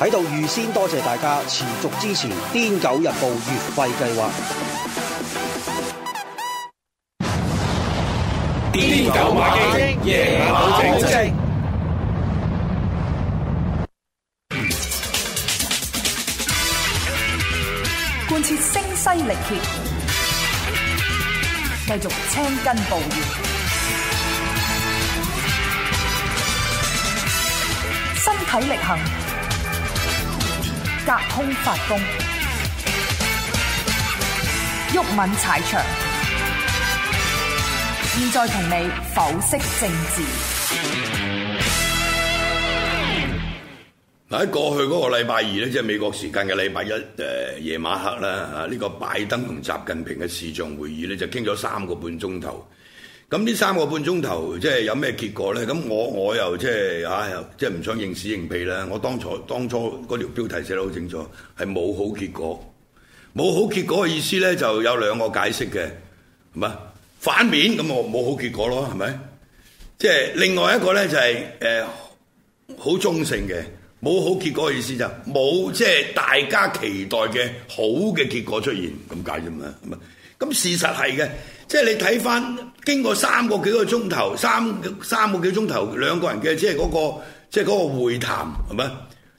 喺度預先多謝大家持續支持《癲狗日報月費計劃》。癲狗馬經，夜晚保證。貫徹聲嘶力竭，繼續青筋暴現，身體力行。隔空發功，毓民踩場。現在同你剖析政治。喺過去嗰個禮拜二咧，即係美國時間嘅禮拜一，誒夜晚黑啦嚇，呢個拜登同習近平嘅視像會議咧，就傾咗三個半鐘頭。咁呢三個半鐘頭，即係有咩結果咧？咁我我又即係嚇，又即係唔想認屎認屁啦！我當初當初嗰條標題寫得好清楚，係冇好結果。冇好結果嘅意思咧，就有兩個解釋嘅，係嘛？反面咁我冇好結果咯，係咪？即係另外一個咧，就是，就係誒好中性嘅，冇好結果嘅意思就冇即係大家期待嘅好嘅結果出現咁解啫嘛。咁事實係嘅，即係你睇翻經過三個幾個鐘頭，三個三個幾鐘頭兩個人嘅即係嗰，那個即係嗰個會談係咪？呢，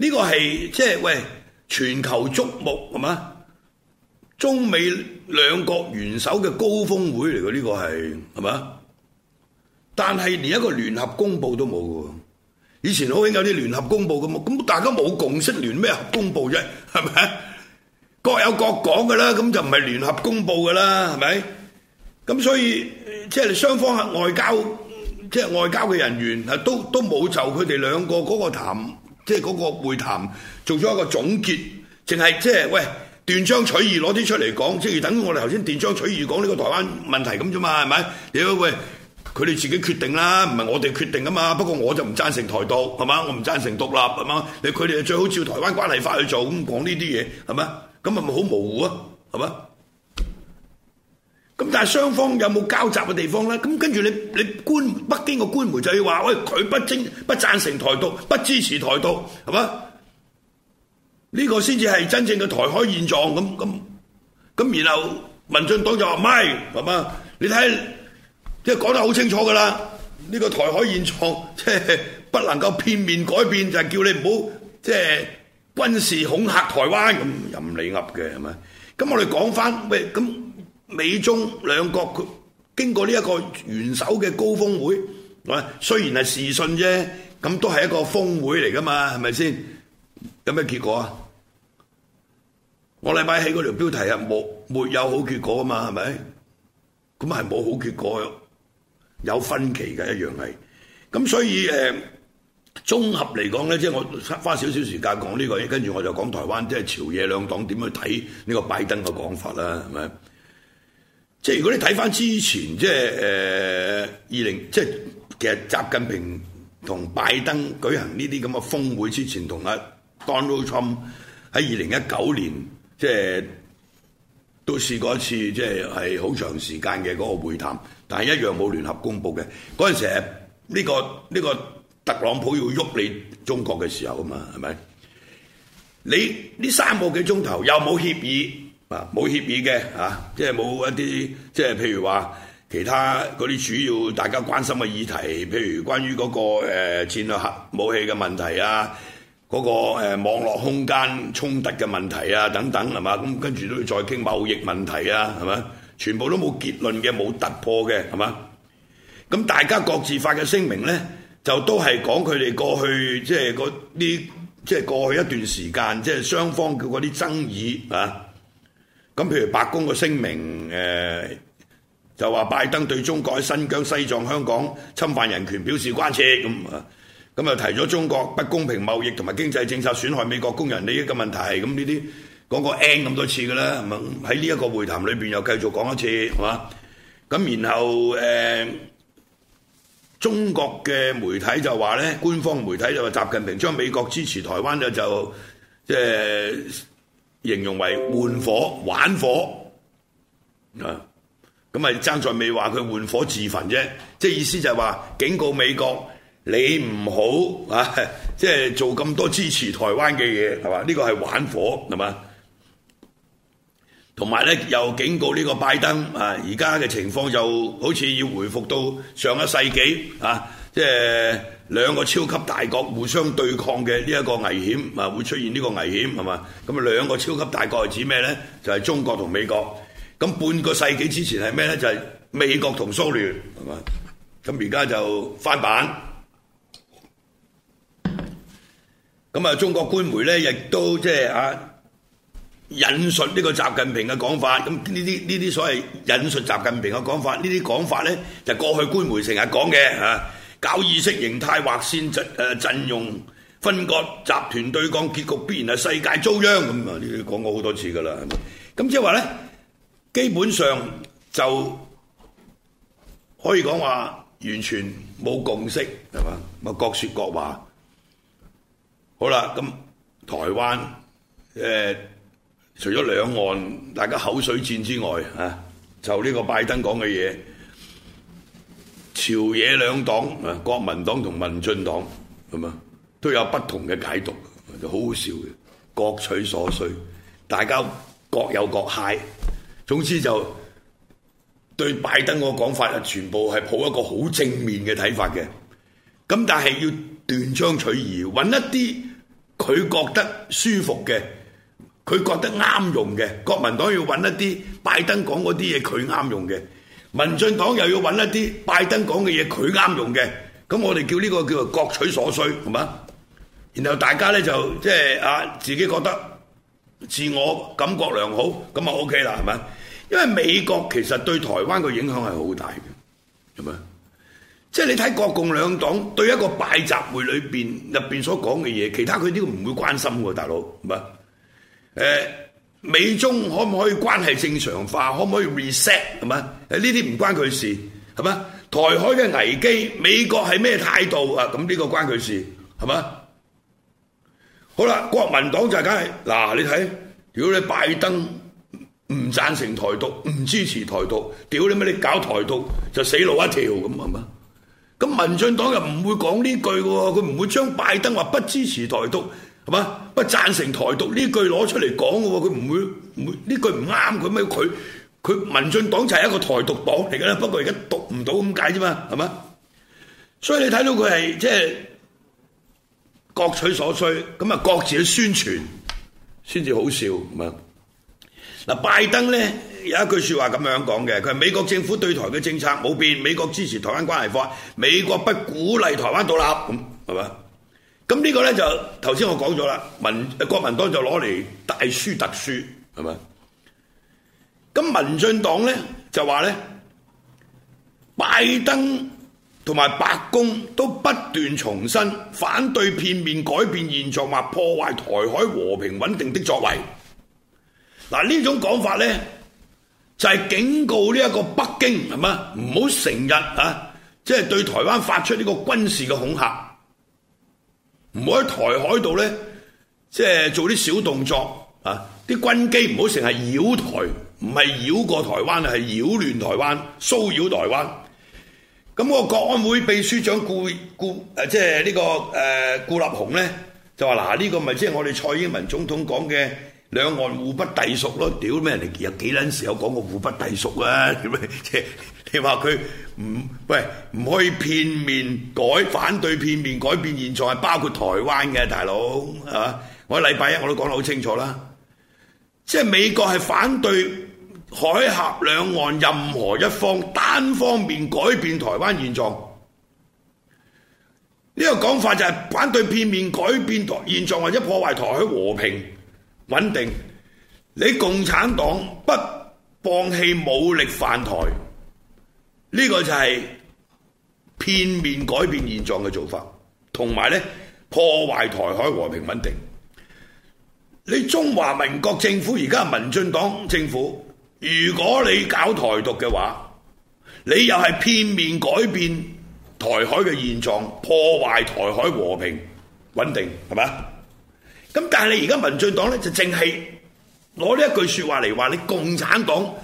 這個係即係喂全球矚目係咪？中美兩國元首嘅高峰會嚟嘅呢個係係咪？但係連一個聯合公佈都冇嘅喎，以前好興有啲聯合公佈嘅嘛，咁大家冇共識聯咩合公佈啫係咪？各有各講㗎啦，咁就唔係聯合公佈㗎啦，係咪？咁所以即係雙方係外交，即係外交嘅人員啊，都都冇就佢哋兩個嗰個談，即係嗰個會談做咗一個總結，淨係即係喂斷章取義攞啲出嚟講，即係等於我哋頭先斷章取義講呢個台灣問題咁啫嘛，係咪？屌喂！佢哋自己決定啦，唔係我哋決定啊嘛。不過我就唔贊成台獨，係嘛？我唔贊成獨立，係嘛？你佢哋最好照台灣關係法去做，咁講呢啲嘢係咪？咁咪咪好模糊啊，係嘛？咁但係雙方有冇交集嘅地方咧？咁跟住你你官北京個官媒就要話：，喂，佢不贊不贊不贊成台獨，不支持台獨，係嘛？呢個先至係真正嘅台海現狀咁咁咁。然後民進黨就話：，咪係嘛？你睇。即係講得好清楚㗎喇，呢、這個台海現狀即係不能夠片面改變，就係、是、叫你唔好即係軍事恐嚇台灣咁，任你噏嘅係咪？咁我哋講返喂，咁美中兩國佢經過呢一個元首嘅高峰會是，雖然係視訊啫，咁都係一個峰會嚟㗎嘛，係咪先？有咩結果啊？我禮拜起嗰條標題係冇沒，沒有好結果啊嘛，係咪？咁係冇好結果。有分歧嘅一樣係，咁所以誒、呃、綜合嚟講咧，即係我花少少時間講呢個嘢，跟住我就講台灣即係朝野兩黨點去睇呢個拜登嘅講法啦，係咪？即係如果你睇返之前，即係誒、呃、二零，即係其實習近平同拜登舉行呢啲咁嘅峰會之前，同阿 Donald Trump 喺二零一九年，即係都試過一次，即係係好長時間嘅嗰個會談。但係一樣冇聯合公布嘅，嗰陣時呢個呢個特朗普要喐你中國嘅時候啊嘛，係咪？你呢三個幾鐘頭有冇協議啊，冇協議嘅啊，即係冇一啲即係譬如話其他嗰啲主要大家關心嘅議題，譬如關於嗰個誒戰略核武器嘅問題啊，嗰個誒網絡空間衝突嘅問題啊等等係嘛？咁跟住都要再傾貿易問題啊，係咪？全部都冇結論嘅，冇突破嘅，係嘛？咁大家各自發嘅聲明咧，就都係講佢哋過去即係個呢，即係過去一段時間，即係雙方嘅嗰啲爭議啊。咁譬如白宮嘅聲明，誒就話拜登對中國喺新疆、西藏、香港侵犯人權表示關切咁啊，咁啊提咗中國不公平貿易同埋經濟政策損害美國工人利益嘅問題，咁呢啲。講個 N 咁多次嘅啦，喺呢一個會談裏面又繼續講一次，係嘛？咁然後、呃、中國嘅媒體就話咧，官方媒體就話習近平將美國支持台灣就即、係、形容為玩火玩火啊！咁咪爭在未話佢玩火自焚啫，即意思就係話警告美國，你唔好啊，即、係、係、即係、做咁多支持台灣嘅嘢，係嘛？呢、呢個係玩火，係嘛？同埋咧，又警告呢個拜登啊！而家嘅情況就好似要回復到上一世紀啊，即係兩個超級大國互相對抗嘅呢一個危險啊，會出現呢個危險係嘛？咁啊，兩個超級大國係指咩呢？就係中國同美國。咁半個世紀之前係咩呢？就係美國同蘇聯係嘛。咁而家就翻版。咁啊，中國官媒呢亦都即係啊。引述呢個習近平嘅講法，咁呢啲呢啲所謂引述習近平嘅講法，呢啲講法呢就過去官媒成日講嘅嚇，搞意識形態劃線陣誒陣容分割集團對抗，結局必然係世界遭殃咁啊！呢啲講過好多次噶啦，咁即係話呢，基本上就可以講話完全冇共識，係嘛？咪各說各話。好啦，咁台灣誒。除咗兩岸大家口水戰之外，就呢個拜登講嘅嘢，朝野兩黨啊，國民黨同民進黨係嘛都有不同嘅解讀，就好好笑嘅，各取所需，大家各有各嗨。總之就對拜登個講法，全部係抱一個好正面嘅睇法嘅。咁但係要斷章取義，揾一啲佢覺得舒服嘅。佢覺得啱用嘅，國民黨要揾一啲拜登講嗰啲嘢佢啱用嘅，民進黨又要揾一啲拜登講嘅嘢佢啱用嘅，咁我哋叫呢個叫做各取所需，係嘛？然後大家呢就即係啊，自己覺得自我感覺良好，咁啊 OK 啦，係嘛？因為美國其實對台灣個影響係好大嘅，係咪？即係你睇國共兩黨對一個拜習會裏邊入邊所講嘅嘢，其他佢啲唔會關心嘅，大佬，係咪？誒美中可唔可以關係正常化？可唔可以 reset 係嘛？誒呢啲唔關佢事係嘛？台海嘅危機，美國係咩態度啊？咁、這、呢個關佢事係嘛？好啦，國民黨就梗係嗱，你睇，屌你拜登唔贊成台獨，唔支持台獨，屌你乜你搞台獨就死路一條咁係嘛？咁民進黨又唔會講呢句喎，佢唔會將拜登話不支持台獨。係嘛？不贊成台獨呢句攞出嚟講嘅，佢唔會唔會呢句唔啱佢咩？佢佢民進黨就係一個台獨黨嚟噶啦，不過而家讀唔到咁解啫嘛，係嘛？所以你睇到佢係即係各取所需，咁啊各自去宣傳先至好笑，係嘛？嗱，拜登咧有一句說話咁樣講嘅，佢係美國政府對台嘅政策冇變，美國支持台灣關係法，美國不鼓勵台灣獨立咁，係嘛？咁呢個呢，就頭先我講咗啦，民國民黨就攞嚟大書特書，係嘛？咁民進黨呢，就話呢拜登同埋白宮都不斷重申反對片面改變現狀或破壞台海和平穩定的作為。嗱，呢種講法呢，就係、是、警告呢一個北京，係咪？唔好成日啊，即係對台灣發出呢個軍事嘅恐嚇。唔好喺台海度咧，即係做啲小動作啊！啲軍機唔好成日繞台，唔係繞過台灣，係擾亂台灣、騷擾台灣。咁個國安會秘書長顧顧誒，即係呢個誒顧立雄咧，這個、就話嗱，呢個咪即係我哋蔡英文總統講嘅。兩岸互不隸屬咯，屌咩人哋有幾撚時有講過互不隸屬啊？你話佢唔喂唔可以片面改反對片面改變現狀，包括台灣嘅大佬啊！我禮拜一我都講得好清楚啦，即係美國係反對海峽兩岸任何一方單方面改變台灣現狀，呢個講法就係反對片面改變現狀或者破壞台灣和平。穩定，你共產黨不放棄武力犯台，呢個就係片面改變現狀嘅做法，同埋呢破壞台海和平穩定。你中華民國政府而家民進黨政府，如果你搞台獨嘅話，你又係片面改變台海嘅現狀，破壞台海和平穩定，係咪？咁但係你而家民進黨咧就淨係攞呢一句說話嚟，話你共產黨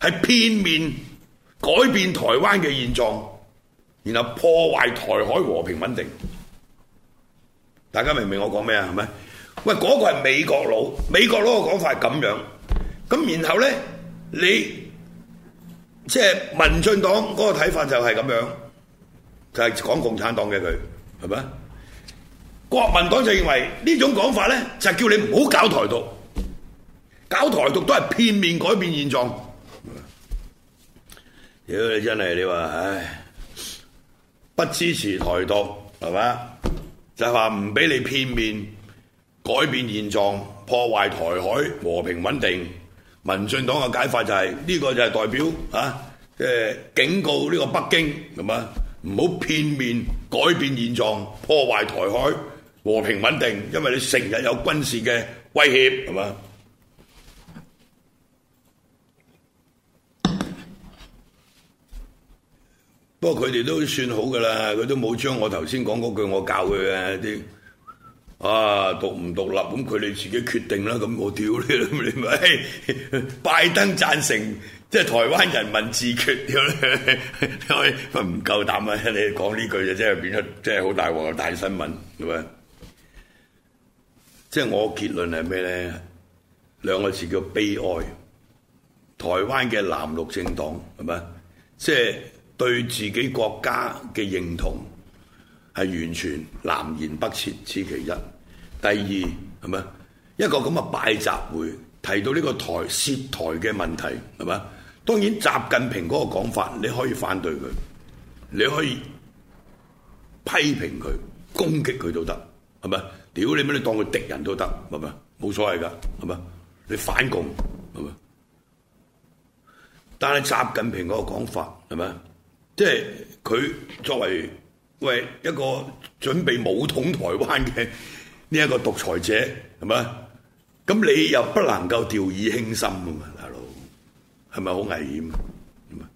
係片面改變台灣嘅現狀，然後破壞台海和平穩定。大家明唔明我講咩啊？係咪？喂，嗰個係美國佬，美國佬嘅講法係咁樣。咁然後咧，你即係民進黨嗰個睇法就係咁樣，就係講共產黨嘅，佢係咪？國民黨就認為呢種講法呢，就叫你唔好搞台獨，搞台獨都係片面改變現狀。屌你真係你話唉，不支持台獨係嘛？就係話唔俾你片面改變現狀，破壞台海和平穩定。民進黨嘅解法就係呢個，就係代表啊，即係警告呢個北京係嘛？唔好片面改變現狀，破壞台海和平穩定，因為你成日有軍事嘅威脅，係嘛？不過佢哋都算好噶啦，佢都冇將我頭先講嗰句我教佢嘅啲啊，獨唔獨立咁佢哋自己決定啦。咁我屌你，你咪拜登贊成，即係台灣人民自決屌你，你唔夠膽啊！你講呢句就真係變咗，真係好大鑊嘅大新聞咁啊！即係我結論係咩咧？兩個字叫悲哀。台灣嘅藍綠政黨係咪？即係、就是、對自己國家嘅認同係完全南轅北轍，此其一。第二係咪一個咁嘅拜習會提到呢個台涉台嘅問題係咪？當然習近平嗰個講法你可以反對佢，你可以批評佢、攻擊佢都得，係咪？屌你乜？你當佢敵人都得，係咪？冇所謂噶，係咪？你反共，係咪？但係習近平嗰個講法，係咪？即係佢作為為一個準備武統台灣嘅呢一個獨裁者，係咪？咁你又不能夠掉以輕心啊嘛，大佬，係咪好危險啊？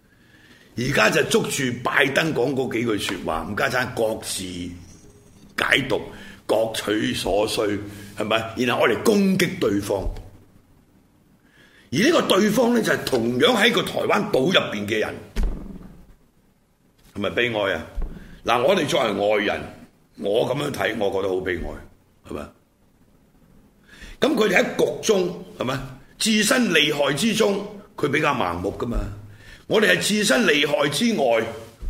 而家就捉住拜登講嗰幾句說話，吳家燦各自解讀。各取所需，係咪？然後我哋攻擊對方，而呢個對方呢，就係同樣喺個台灣島入邊嘅人，係咪悲哀啊？嗱，我哋作為外人，我咁樣睇，我覺得好悲哀，係咪？咁佢哋喺局中，係咪？置身利害之中，佢比較盲目噶嘛。我哋係置身利害之外，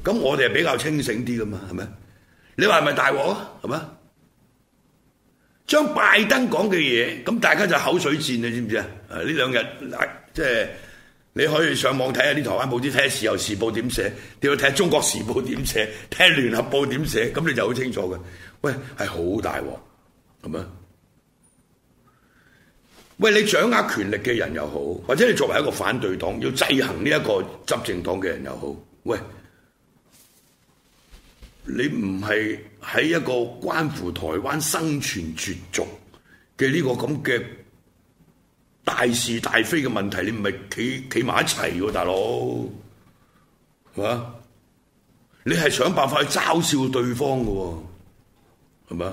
咁我哋係比較清醒啲噶嘛，係咪？你話係咪大鑊啊？係咪？將拜登講嘅嘢，咁大家就口水戰你知唔知啊？誒呢兩日，即係你可以上網睇下啲台灣報紙，睇下自由時報點寫，你要睇下中國時報點寫，睇下聯合報點寫，咁你就好清楚嘅。喂，係好大鑊，係咪？喂，你掌握權力嘅人又好，或者你作為一個反對黨要制衡呢一個執政黨嘅人又好，喂。你唔係喺一個關乎台灣生存絕續嘅呢個咁嘅大是大非嘅問題，你唔係企企埋一齊喎，大佬，係嘛？你係想辦法去嘲笑對方喎，係咪？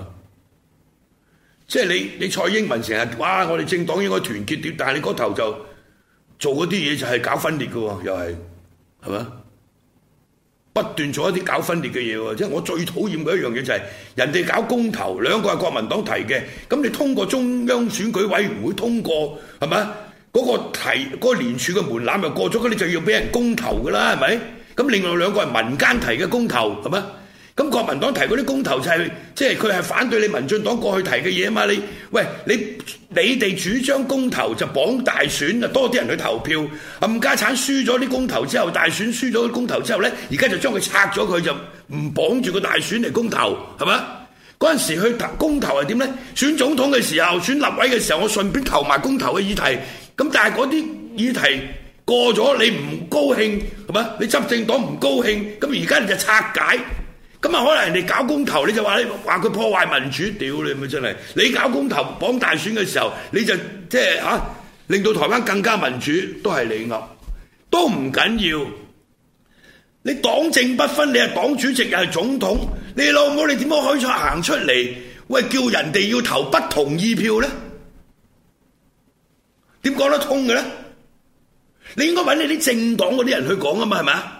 即係你你蔡英文成日哇，我哋政黨應該團結啲，但係你嗰頭就做嗰啲嘢就係搞分裂嘅，又係係嘛？是吧。不斷做一啲搞分裂嘅嘢喎，即係我最討厭嘅一樣嘢就係人哋搞公投，兩個係國民黨提嘅，咁你通過中央選舉委員會通過，係咪？嗰個提，嗰個聯署嘅門檻又過咗，咁你就要俾人公投噶啦，係咪？咁另外兩個係民間提嘅公投，係咪？咁國民黨提嗰啲公投就係、是，即係佢係反對你民進黨過去提嘅嘢嘛！你喂，你你哋主張公投就綁大選啊，多啲人去投票。吳、嗯、家產輸咗啲公投之後，大選輸咗公投之後呢，而家就將佢拆咗佢，就唔綁住個大選嚟公投，係咪？嗰陣時候去投公投係點咧？選總統嘅時候，選立委嘅時候，我順便投埋公投嘅議題。咁但係嗰啲議題過咗，你唔高興係咪？你執政黨唔高興，咁而家你就拆解。咁啊，可能人哋搞公投，你就話你話佢破壞民主，屌你咪真係！你搞公投綁大選嘅時候，你就即係吓令到台灣更加民主，都係你噏，都唔緊要。你黨政不分，你係黨主席又係總統，你老母你點樣可以出行出嚟？喂，叫人哋要投不同意票咧，點講得通嘅咧？你應該揾你啲政黨嗰啲人去講啊嘛，係咪啊？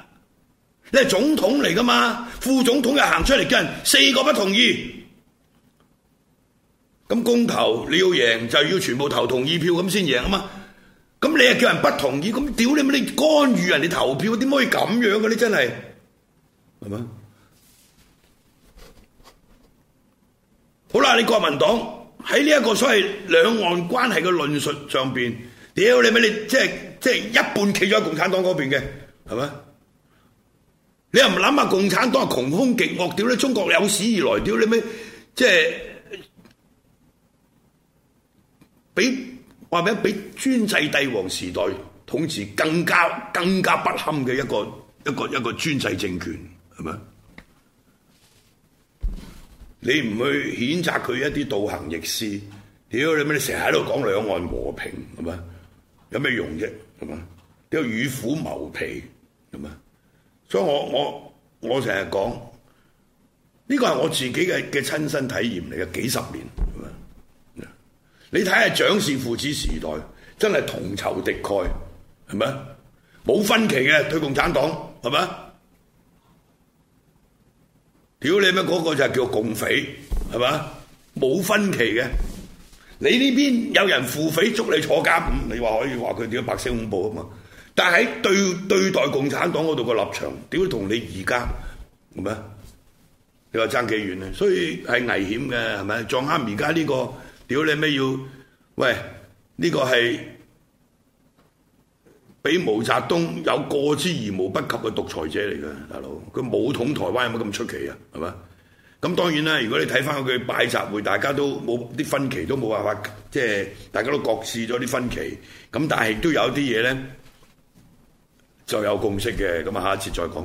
你係總統嚟噶嘛？副總統又行出嚟叫人四個不同意，咁公投你要贏就要全部投同意票咁先贏啊嘛！咁你又叫人不同意，咁屌你咩你干預人哋投票，點可以咁樣嘅咧？你真係係嘛？好啦，你國民黨喺呢一個所謂兩岸關係嘅論述上邊，屌你咩你即係即係一半企咗喺共產黨嗰邊嘅，係嘛？你又唔諗下共產黨係窮凶極惡，屌你！中國有史以來屌你咩？即係比話比專制帝王時代統治更加更加不堪嘅一個一個一個專制政權係咪？你唔去譴責佢一啲倒行逆施，屌你咩？你成日喺度講兩岸和平，係咪？有咩用啫？係咪？與虎謀皮，係所以我我我成日講呢個係我自己嘅嘅親身體驗嚟嘅，幾十年，係嘛，你睇下蔣氏父子時代真係同仇敵愾，係咪？冇分歧嘅，對共產黨係咪？屌你咩，嗰個就係叫共匪係嘛？冇分歧嘅，你呢邊有人附匪捉你坐監，你話可以話佢點樣白色恐怖啊嘛？但喺對對待共產黨嗰度個立場，點會同你而家咁啊？你話爭幾遠啊？所以係危險嘅，係咪撞啱而家呢個？屌你咩要？喂，呢個係俾毛澤東有過之而無不及嘅獨裁者嚟嘅，大佬佢武統台灣有冇咁出奇啊？係咪？咁當然啦，如果你睇翻佢嘅拜習會，大家都冇啲分歧，都冇辦法，即係大家都各視咗啲分歧。咁但係都有啲嘢咧。就有共識嘅，咁啊，下一節再講。